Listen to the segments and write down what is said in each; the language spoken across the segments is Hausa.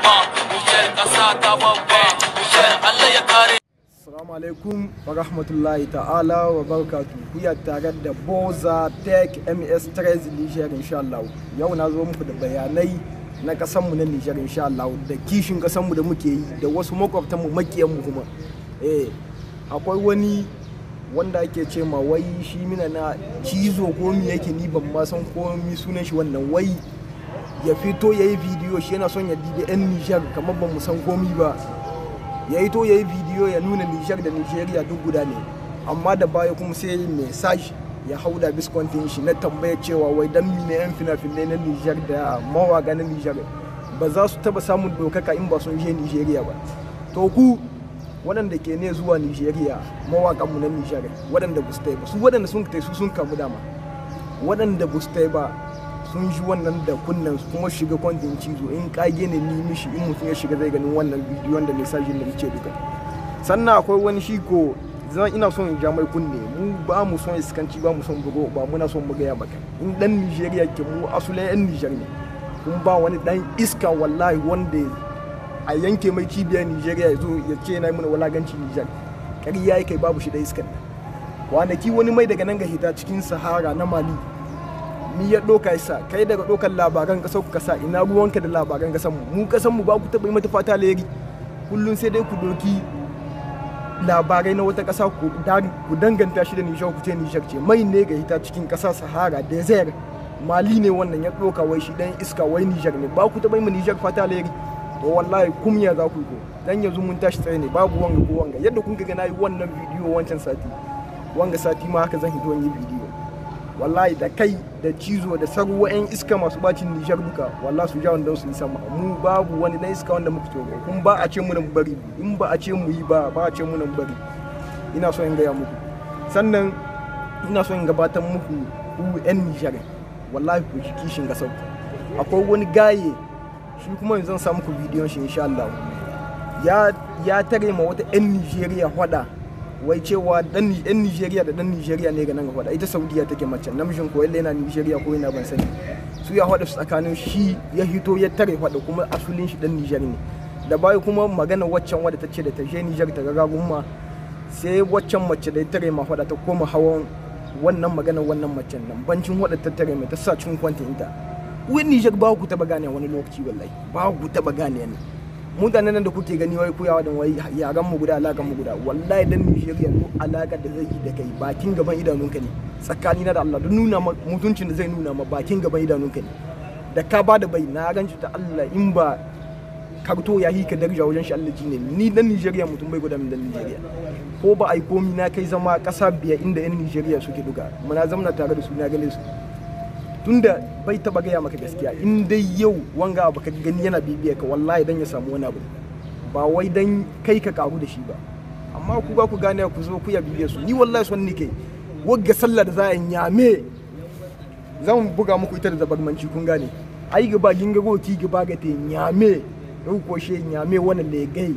babba Assalamu alaikum wa rahmatullahi ta'ala wa barakatu kuya tare da Boza Tech MS 13 Niger insha yau na zo muku da bayanai na kasanmu na Nijar insha da kishin kasanmu da muke yi da wasu makwabtanmu makiyanmu kuma eh akwai wani wanda ake ce ma wai shi mina na cizo ko mi yake ni ban ma san ko mi sunan shi wannan wai ya fito ya yi bidiyo shi yana son ya dide 'yan nijar kamar ba mu san komi ba ya yi to ya yi bidiyo ya nuna nijar da nijeriya duk guda ne amma da baya kuma sai mai sashi ya hau da biskontin shi na tambaya cewa wai dan mine yan fina-finai na nijar da mawaga na nijar ba za su taba samun dokaka in ba sun je nijeriya ba to ku waɗanda ke ne zuwa nijeriya mawaƙanmu na nijar waɗanda ba su ba su waɗanda sun kai su sun kamu dama waɗanda ba su ba sun ji wannan da kunnen kuma shiga kwanjin cizo in kage ne ni mishi in mutum ya shiga zai ganin wannan bidiyo da mesajin da muke duka sannan akwai wani shi ko zan ina son in ja mai kunne mu ba mu son iskanci ba mu son bugo ba muna son mu gaya baka in dan Nigeria ke mu asule yan Niger ne kun ba wani dan iska wallahi wanda a yanke mai cibiyar Nigeria ya zo ya ce na mana walaganci Niger kariya yake babu shi da iskan kwanaki wani mai daga nan ga hita cikin Sahara na Mali mi ya doka isa kai daga dokan labaran kasar ku kasa ina ruwanka da labaran kasar mu mu kasar mu ba ku taba yi mata fata leri kullun sai dai ku doki labarai na wata kasa ku ku danganta shi da Nijar ku ce Nijar ce mai ne ga ita cikin kasa Sahara desert Mali ne wannan ya doka wai shi dan iska wai Nijar ne ba ku taba yi mu Nijar fata leri to wallahi ya za ku yi ko dan yanzu mun tashi tsaye ne babu wanga ko wanga yadda kun ga na yi wannan bidiyo wancan sati wanga sati ma haka zan hito yi bidiyo wallahi da kai da cizo da sarwa yan iska masu bacin nishar duka wallahi su ja wanda su yi sama mu babu wani na iska wanda muka tobe kun ba a ce mu nan bari in ba a ce mu yi ba ba a ce mu nan bari ina so in gaya muku sannan ina so in gabatar muku ku yan nishar wallahi ku shi kishin gasar akwai wani gaye shi kuma yanzu zan sa muku bidiyon shi insha Allah ya ya tare ma wata yan Nijeriya hwada wai cewa dan yan Nigeria da dan Nigeria ne ga nan gaba ita Saudiya take mace namijin ko yana Nigeria ko yana ban sani su ya hada tsakanin shi ya hito ya tare hada kuma asulin shi dan Niger ne da bayu kuma magana waccan wadda ta ce da ta je Niger ta ga gumma sai waccan mace da ya tare ma hada ta koma hawan wannan magana wannan macen nan bancin wadda ta tare mai ta sa cin kwantinta ita wani Niger ba ku taba gane wani lokaci wallahi ba ku taba gane ne mutanen nan da kuke gani wai koyawa da wai yaran mu guda alakan mu guda wallahi dan Niger yanzu alaka da zai yi da kai bakin gaban idanunka ne tsakani na da Allah dan nuna ma mutuncin da zai nuna ma bakin gaban idanunka ne da ka da bai na shi ta Allah in ba karto ya yi ka darja wajen shi Allah ne ni dan Nigeria mutum bai guda min dan Nigeria ko ba ai komi na kai zama kasa biya inda yan Nigeria suke duka muna zamna tare da su na gane su tunda bai taba gaya maka gaskiya in dai yau wanga abu ka gani yana bibiya ka wallahi dan ya samu wani abu ba wai dan kai ka karu da shi ba amma ku ba ku gane ku zo ku ya bibiya su ni wallahi son nike wagga sallah da za a yame zan buga muku ita da zabarmanci kun gane ai gaba ginga go gaba ga te nyame in ko she wani legai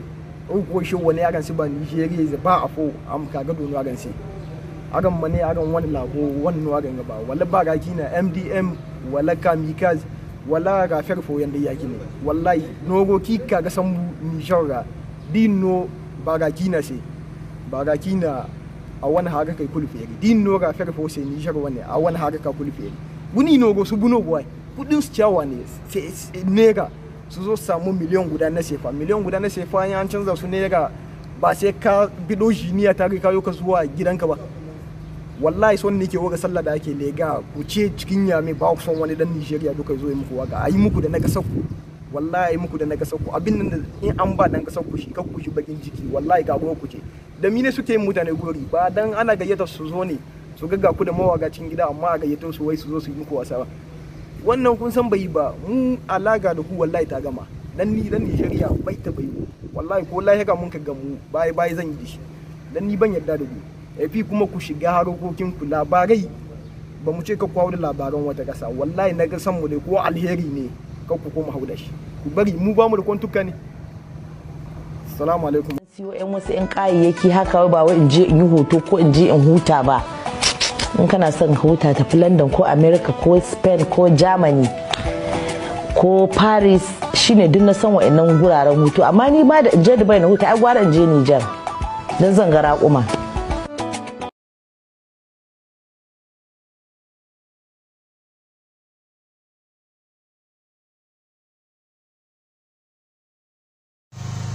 in ko she wani yaran su ba ni she ba afo am ga dono yaran sai agan mani agan wani lago wani nuwa ganga ba wala ba gaki kina mdm wala kamikaz wala ga ferfo yanda yaki ne wallahi nogo kika ga san ni shawra dinno ba gaki kina se ba gaki kina a wani haka kai kulfe dinno ga ferfo se ni shawra ne a wani haka ka kulfe wuni nogo su buno boy kudin su cewa ne nera su zo samu miliyan guda na sefa miliyan guda na sefa an canza su nega ba sai ka bido shi ta kai kayo ka zuwa gidanka ba wallahi son ne ke waga sallah da ake lega ku ce cikin mai ba ku son wani dan Nigeria duka zo yi muku waga ayi muku da na kasar ku wallahi muku da na kasar ku abin nan in an ba dan kasar ku shi kar ku shi bakin jiki wallahi ga ku ce da mine suke yin mutane gori ba dan ana gayyata su zo ne su gaga ku da cikin gida amma a gayyato su wai su zo su yi muku wasa ba wannan kun san bai ba mu alaga da ku wallahi ta gama dan ni dan Nigeria bai ta bai wallahi ko lahi ga mun ka gamu bai bai zan yi dishi dan ni ban yarda da ku fi kuma ku shiga harkokin ku labarai ba mu ce ka kwawo da labaran wata ƙasa wallahi na ga san mu ne ko alheri ne ka ku koma hau da shi ku bari mu ba mu da kwantuka ne assalamu alaikum siyo yan wasu yan kayayyaki haka ba wai in je in yi hoto ko in je in huta ba in kana son huta tafi london ko america ko spain ko germany ko paris shine duk na san wa'annan guraren hutu amma ni ba da in je dubai na huta ai gwara in je niger don zan ga raƙuma.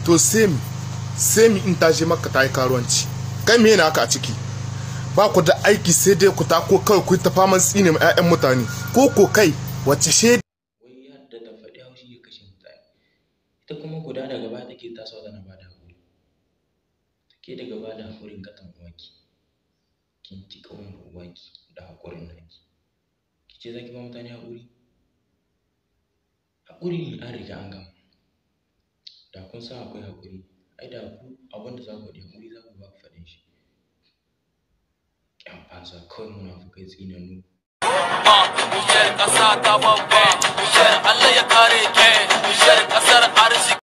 to same same in ta je maka ta yi karuwanci kai me haka a ciki ba ku da aiki sai dai ku ta ko kawai ku ta faman tsini ma 'ya'yan mutane ko ko kai wacce shaida wai hadda ta faɗi haushi ya kashe mutane ita kuma guda daga baya take tasowa tana ba da hakuri take daga ba da hakurin katan uwanki kin ci kawai uwanki da hakurin naki ki ce zaki ba mutane hakuri hakuri an riga an gama Da kun san akwai haƙuri, ai da ku abin da za ku yi haƙuri za ku ba ku faɗin shi. Ƙyan fasa kawai munafukai tsinanu. Nijar ƙasa ta babba, Nijar Allah ya kare ke, Nijar